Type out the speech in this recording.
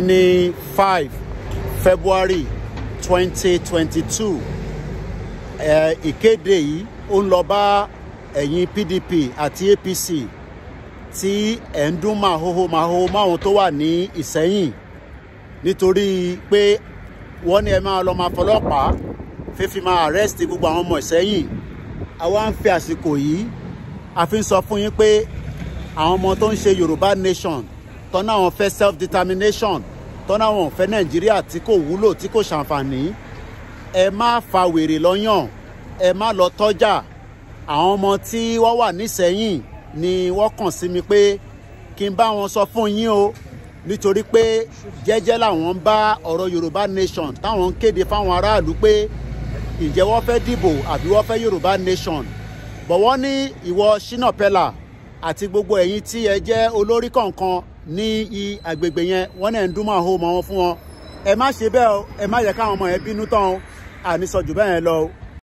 ní five february twenty twenty two ìkéde yìí ó ń lọ bá ẹ̀yin pdp àti apc tí ẹ̀ ń dún màhóhó màhóhó máwọn tó wà ní ìsẹ́yìn nítorí pé wọ́n ní ẹ máa lọ máa fọlọ́pàá fífi máa arrest gbogbo àwọn ọmọ ìsẹ́yìn àwa ń fi àsìkò yìí a fi ń sọ fún yín pé àwọn ọmọ tó ń ṣe yorùbá nation tọ́nà àwọn fẹ́ self determination tọ́nà àwọn fẹ́ nàìjíríà tí kò wúlò tí kò ṣàǹfààní ẹ má fa wèrè lọ́yàn ẹ má lọ tọ́jà àwọn ọmọ tí wọ́n wà nísẹ̀yìn ni wọ́n kàn sí mi pé kí n bá wọn sọ fún yín o nítorí pé jẹ́jẹ́ làwọn ń bá ọ̀rọ̀ yorùbá nation táwọn ń kéde fáwọn aráàlú pé ǹjẹ́ wọ́n fẹ́ dìbò àbí wọ́n fẹ́ yorùbá nation bọ̀wọ́ ní ìwọ Shina Peller àti gbogbo ẹ̀yin tí ẹ jẹ́ olórí kọ̀ọ̀kan ní agbègbè yẹn wọ́n náà ń dún mọ́ àwọn ọmọ wọn fún wọn ẹ má ṣe bẹ́ẹ̀ o ẹ má yẹ káwọn ọmọ yẹn bínú tán o àníṣọ́jú bẹ́ẹ̀ lọ